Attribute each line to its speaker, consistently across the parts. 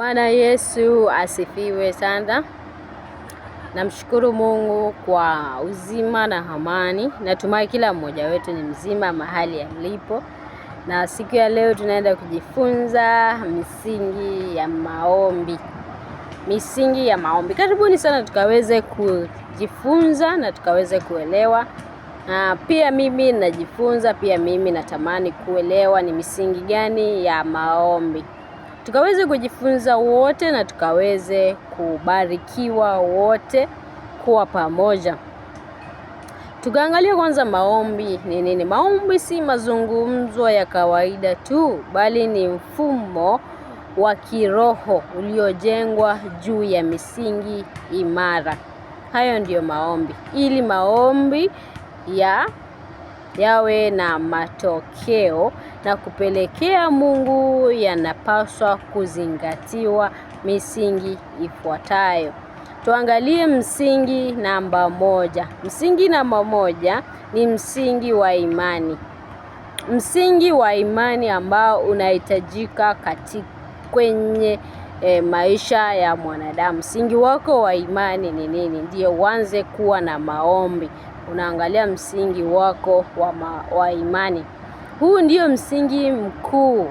Speaker 1: Bwana Yesu asifiwe sana. Namshukuru Mungu kwa uzima na amani. Natumai kila mmoja wetu ni mzima mahali alipo, na siku ya leo tunaenda kujifunza misingi ya maombi, misingi ya maombi. Karibuni sana tukaweze kujifunza na tukaweze kuelewa. Na pia mimi najifunza, pia mimi natamani kuelewa ni misingi gani ya maombi tukaweze kujifunza wote na tukaweze kubarikiwa wote kuwa pamoja. Tukaangalia kwanza maombi ni nini. Maombi si mazungumzo ya kawaida tu, bali ni mfumo wa kiroho uliojengwa juu ya misingi imara. Hayo ndiyo maombi, ili maombi ya yawe na matokeo na kupelekea Mungu, yanapaswa kuzingatiwa misingi ifuatayo. Tuangalie msingi namba moja. Msingi namba moja ni msingi wa imani. Msingi wa imani ambao unahitajika katika kwenye e, maisha ya mwanadamu. Msingi wako wa imani ni nini? Ndiyo uanze kuwa na maombi unaangalia msingi wako wa, ma, wa imani. Huu ndio msingi mkuu.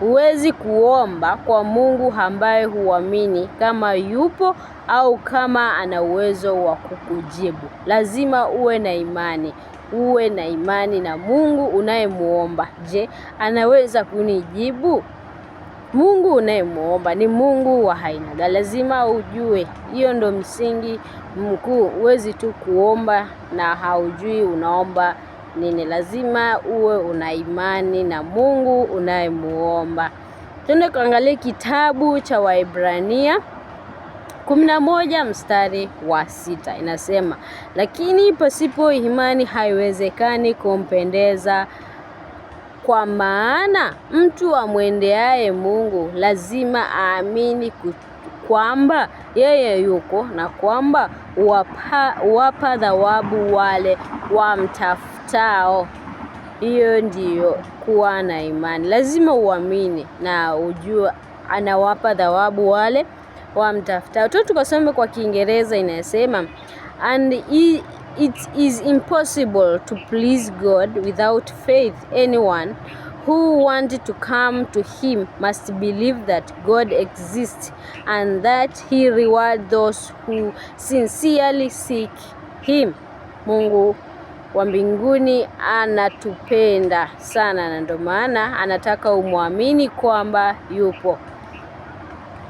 Speaker 1: Huwezi kuomba kwa Mungu ambaye huamini kama yupo au kama ana uwezo wa kukujibu. Lazima uwe na imani, uwe na imani na Mungu unayemuomba. Je, anaweza kunijibu? Mungu unayemwomba ni Mungu wa aina gani? Lazima ujue, hiyo ndo msingi mkuu. Huwezi tu kuomba na haujui unaomba nini. Lazima uwe una imani na Mungu unayemuomba. Tuende kuangalia kitabu cha Waebrania kumi na moja mstari wa sita inasema, lakini pasipo imani haiwezekani kumpendeza kwa maana mtu amwendeaye Mungu lazima aamini kwamba yeye yuko na kwamba huwapa thawabu wale wamtafutao. Hiyo ndiyo kuwa na imani. Lazima uamini na ujue anawapa thawabu wale wamtafutao. Tu tukasome kwa Kiingereza inasema and he It is impossible to please God without faith. Anyone who wanted to come to him must believe that God exists and that he rewards those who sincerely seek him. Mungu wa mbinguni anatupenda sana na ndio maana anataka umwamini kwamba yupo.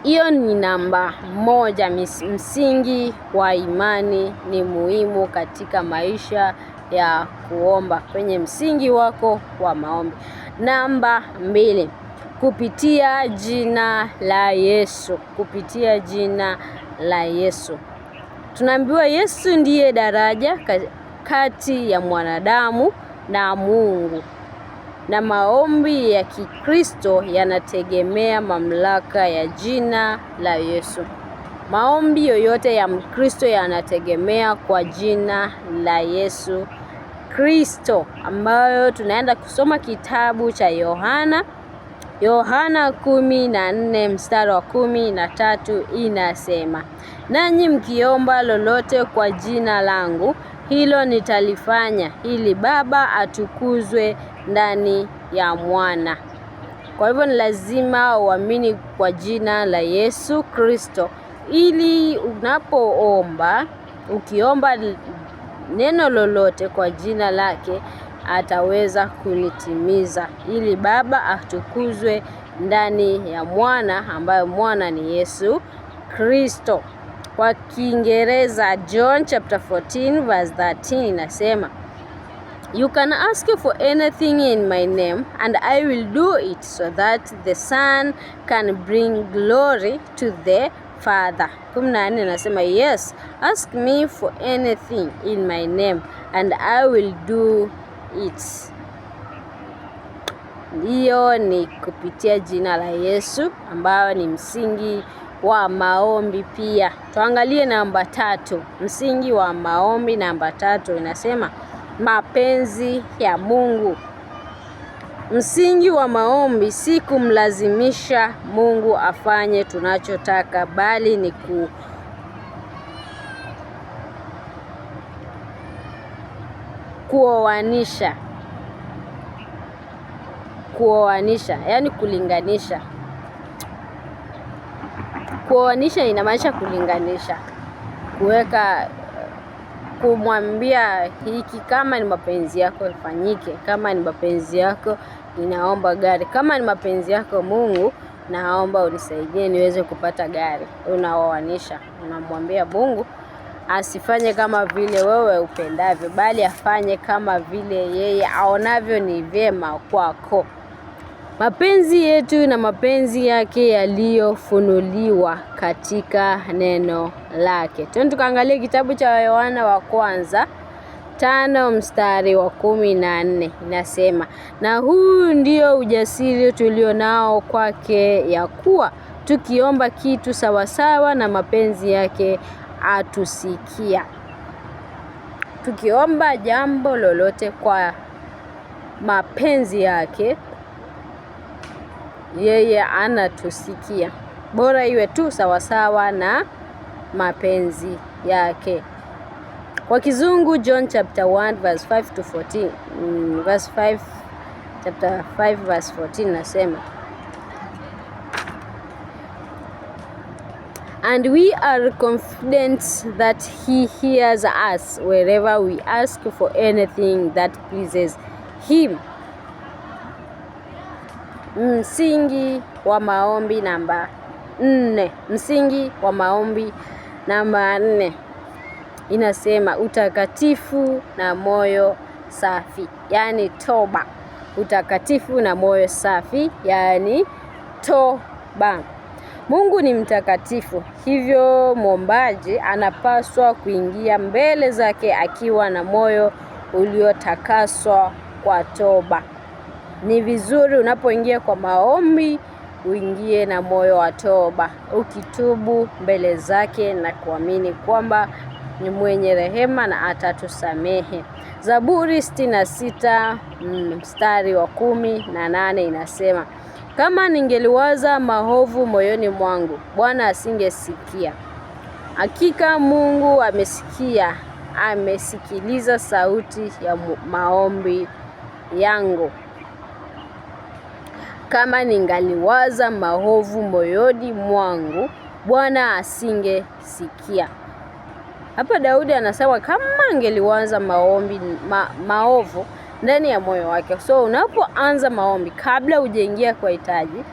Speaker 1: Hiyo ni namba moja. Msingi wa imani ni muhimu katika maisha ya kuomba, kwenye msingi wako wa maombi. Namba mbili, kupitia jina la Yesu, kupitia jina la Yesu. Tunaambiwa Yesu ndiye daraja kati ya mwanadamu na Mungu na maombi ya Kikristo yanategemea mamlaka ya jina la Yesu. Maombi yoyote ya Mkristo yanategemea kwa jina la Yesu Kristo, ambayo tunaenda kusoma kitabu cha Yohana Yohana kumi na nne mstari wa kumi na tatu inasema, nanyi mkiomba lolote kwa jina langu, hilo nitalifanya, ili Baba atukuzwe ndani ya mwana. Kwa hivyo ni lazima uamini kwa jina la Yesu Kristo, ili unapoomba, ukiomba neno lolote kwa jina lake ataweza kulitimiza, ili Baba atukuzwe ndani ya mwana, ambayo mwana ni Yesu Kristo. Kwa Kiingereza, John chapter 14 verse 13 inasema You can ask for anything in my name and I will do it so that the son can bring glory to the Father. Kumi na nne nasema yes, ask me for anything in my name and I will do it. Hiyo ni kupitia jina la Yesu ambayo ni msingi wa maombi pia. Tuangalie namba tatu, msingi wa maombi namba tatu inasema mapenzi ya Mungu. Msingi wa maombi si kumlazimisha Mungu afanye tunachotaka, bali ni ku kuoanisha kuoanisha, yaani kulinganisha. Kuoanisha inamaanisha kulinganisha, kuweka kumwambia hiki, kama ni mapenzi yako ifanyike, kama ni mapenzi yako ninaomba gari, kama ni mapenzi yako Mungu naomba unisaidie niweze kupata gari. Unaoanisha, unamwambia Mungu asifanye kama vile wewe upendavyo, bali afanye kama vile yeye aonavyo ni vyema kwako mapenzi yetu na mapenzi yake yaliyofunuliwa katika neno lake. Twende tukaangalia kitabu cha Yohana wa kwanza tano mstari wa kumi na nne inasema, na huu ndio ujasiri tulionao kwake, ya kuwa tukiomba kitu sawasawa na mapenzi yake atusikia. Tukiomba jambo lolote kwa mapenzi yake yeye anatusikia. Bora iwe tu sawasawa na mapenzi yake. Kwa kizungu John chapter 1 verse 5 to 14, mm, verse 5 chapter 5 verse 14 nasema And we are confident that he hears us wherever we ask for anything that pleases him msingi wa maombi namba nne. Msingi wa maombi namba nne inasema utakatifu na moyo safi, yaani toba. Utakatifu na moyo safi, yaani toba. Mungu ni mtakatifu, hivyo mwombaji anapaswa kuingia mbele zake akiwa na moyo uliotakaswa kwa toba ni vizuri unapoingia kwa maombi uingie na moyo wa toba, ukitubu mbele zake na kuamini kwamba ni mwenye rehema na atatusamehe. Zaburi sitini na sita mm, mstari wa kumi na nane inasema, kama ningeliwaza maovu moyoni mwangu, Bwana asingesikia. Hakika Mungu amesikia, amesikiliza sauti ya maombi yangu. Kama ningaliwaza maovu moyoni mwangu, Bwana asingesikia Hapa Daudi anasema kama angeliwaza maombi ma, maovu ndani ya moyo wake. So unapoanza maombi, kabla hujaingia kwa hitaji,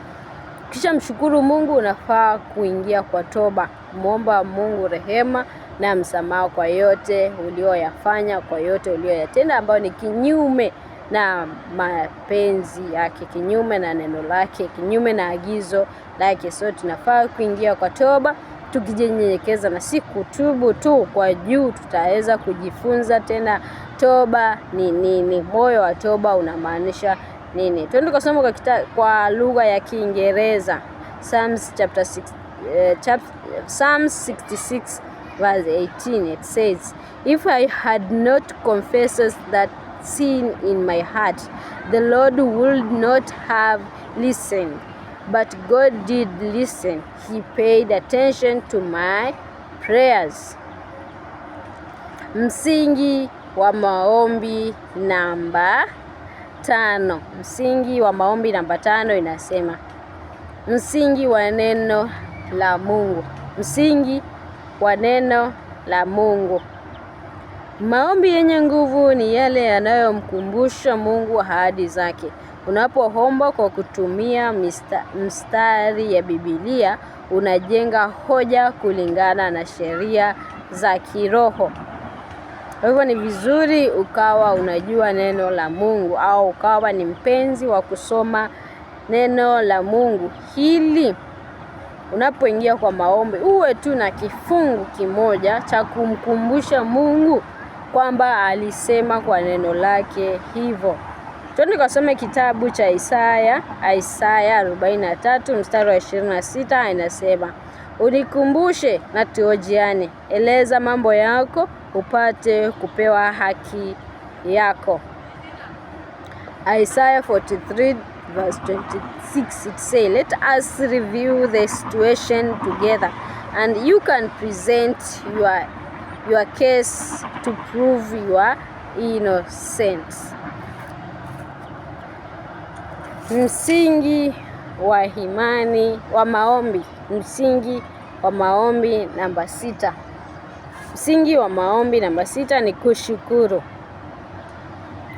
Speaker 1: kisha mshukuru Mungu. Unafaa kuingia kwa toba, kumwomba Mungu rehema na msamaha kwa yote ulioyafanya, kwa yote ulioyatenda ambayo ni kinyume na mapenzi yake, kinyume na neno lake, kinyume na agizo lake. So tunafaa kuingia kwa toba tukijinyenyekeza, na si kutubu tu kwa juu. Tutaweza kujifunza tena toba ni nini, moyo wa toba unamaanisha nini. Twende kusoma kwa, kita, kwa lugha ya Kiingereza Psalms chapter 6, uh, eh, chap, Psalms 66 verse 18 it says if I had not confessed that sin in my heart, the Lord would not have listened. But God did listen. He paid attention to my prayers. Msingi wa maombi namba tano. Msingi wa maombi namba tano inasema msingi wa neno la Mungu. Msingi wa neno la Mungu. Maombi yenye nguvu ni yale yanayomkumbusha Mungu ahadi zake. Unapoomba kwa kutumia mista, mstari ya Biblia, unajenga hoja kulingana na sheria za kiroho. Kwa hivyo ni vizuri ukawa unajua neno la Mungu au ukawa ni mpenzi wa kusoma neno la Mungu hili unapoingia kwa maombi uwe tu na kifungu kimoja cha kumkumbusha Mungu kwamba alisema kwa neno lake hivyo. Twende kasome kitabu cha Isaya, Isaya 43 mstari wa 26, inasema unikumbushe na tuojiane, eleza mambo yako upate kupewa haki yako. Isaiah 43 verse 26, it say, let us review the situation together and you can present your your case to prove your innocence. Msingi wa imani wa maombi. Msingi wa maombi namba sita. Msingi wa maombi namba sita ni kushukuru.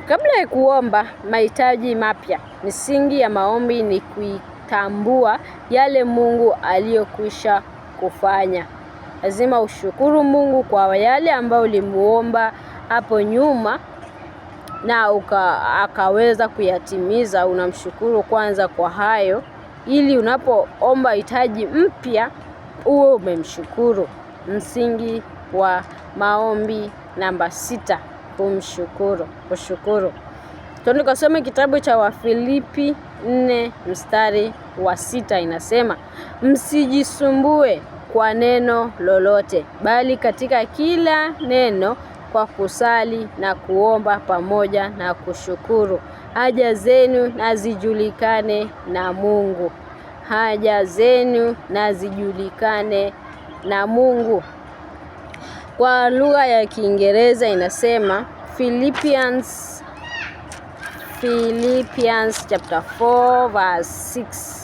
Speaker 1: Kabla ya kuomba mahitaji mapya, misingi ya maombi ni kuitambua yale Mungu aliyokwisha kufanya lazima ushukuru Mungu kwa yale ambayo ulimuomba hapo nyuma na uka, akaweza kuyatimiza. Unamshukuru kwanza kwa hayo, ili unapoomba hitaji mpya uwe umemshukuru. Msingi wa maombi namba sita, kumshukuru, kushukuru. Twende kasome kitabu cha Wafilipi nne mstari wa sita inasema, msijisumbue kwa neno lolote, bali katika kila neno kwa kusali na kuomba pamoja na kushukuru, haja zenu na zijulikane na Mungu. Haja zenu na zijulikane na Mungu. Kwa lugha ya Kiingereza inasema Philippians, Philippians chapter 4 verse 6.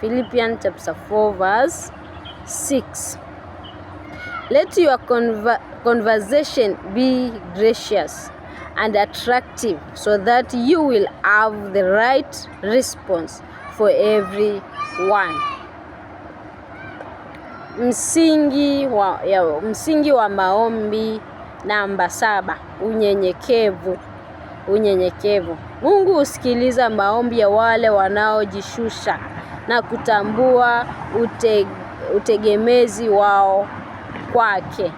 Speaker 1: Philippians chapter 4 verse 6. Let your conver conversation be gracious and attractive so that you will have the right response for everyone. Msingi wa, ya, msingi wa maombi namba saba, unyenyekevu. Unyenyekevu. Mungu husikiliza maombi ya wale wanaojishusha na kutambua ute utegemezi wao kwake.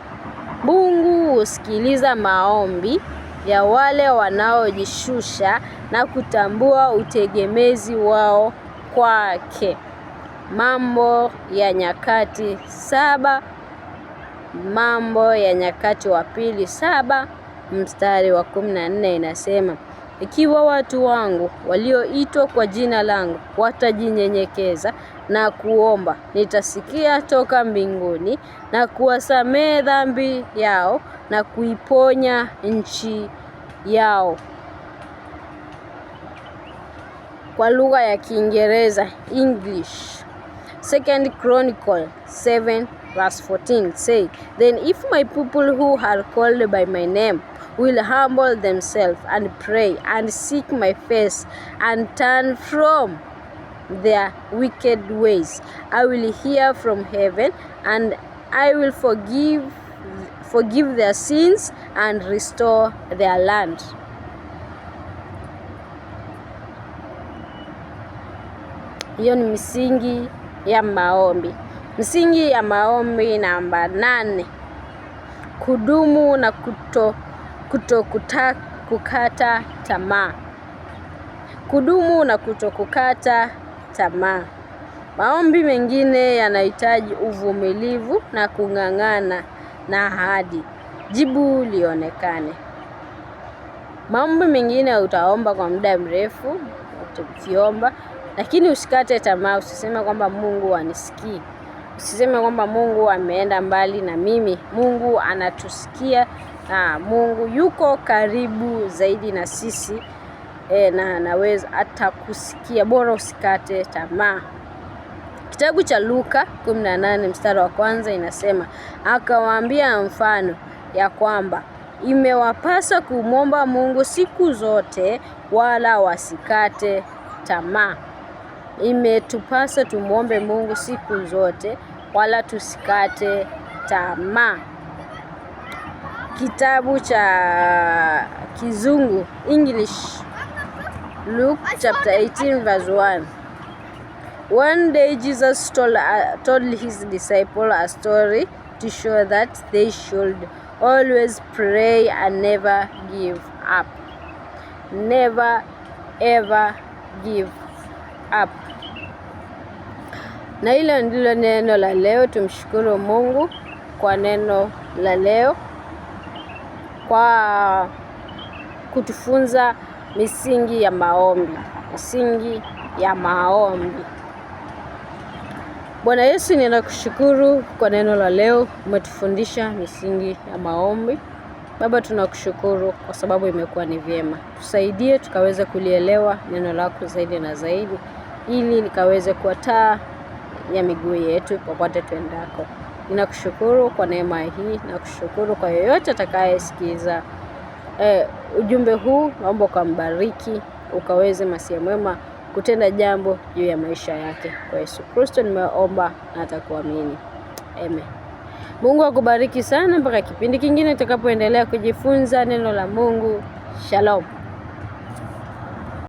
Speaker 1: Mungu husikiliza maombi ya wale wanaojishusha na kutambua utegemezi wao kwake. Mambo ya Nyakati saba Mambo ya Nyakati wa pili saba mstari wa kumi na nne inasema ikiwa watu wangu walioitwa kwa jina langu watajinyenyekeza na kuomba, nitasikia toka mbinguni na kuwasamehe dhambi yao na kuiponya nchi yao. Kwa lugha ya Kiingereza, English. Second Chronicle 7 verse 14 say, Then if my people who are called by my name will humble themselves and pray and seek my face and turn from their wicked ways. I will hear from heaven and I will forgive forgive their sins and restore their land. Hiyo ni misingi ya maombi. Msingi ya maombi namba nane: kudumu na kuto kutokukata tamaa. Kudumu na kutokukata tamaa. Maombi mengine yanahitaji uvumilivu na kung'ang'ana na ahadi, jibu lionekane. Maombi mengine utaomba kwa muda mrefu ukiomba, lakini usikate tamaa. Usiseme kwamba Mungu anisikii usiseme kwamba Mungu ameenda mbali na mimi. Mungu anatusikia. Na ah, Mungu yuko karibu zaidi na sisi e, na anaweza hata kusikia. Bora usikate tamaa. Kitabu cha Luka 18 mstari wa kwanza inasema, akawaambia mfano ya kwamba imewapasa kumwomba Mungu siku zote, wala wasikate tamaa. Imetupasa tumwombe Mungu siku zote, wala tusikate tamaa kitabu cha kizungu English Luke chapter 18 verse 1 One day Jesus told, uh, told his disciple a story to show that they should always pray and never give up. Never ever give up. Na hilo ndilo neno la leo. Tumshukuru Mungu kwa neno la leo kwa kutufunza misingi ya maombi, misingi ya maombi. Bwana Yesu, ninakushukuru kwa neno la leo, umetufundisha misingi ya maombi. Baba, tunakushukuru kwa sababu imekuwa ni vyema. Tusaidie tukaweze kulielewa neno lako zaidi na zaidi, ili likaweze kuwa taa ya miguu yetu popote tuendako. Ninakushukuru kwa neema hii, nakushukuru kwa yoyote atakayesikiza eh, ujumbe huu. Naomba ukambariki, ukaweze masia mwema kutenda jambo juu ya maisha yake. Kwa Yesu Kristo nimeomba na atakuamini, amen. Mungu akubariki sana mpaka kipindi kingine tutakapoendelea kujifunza neno la Mungu. Shalom.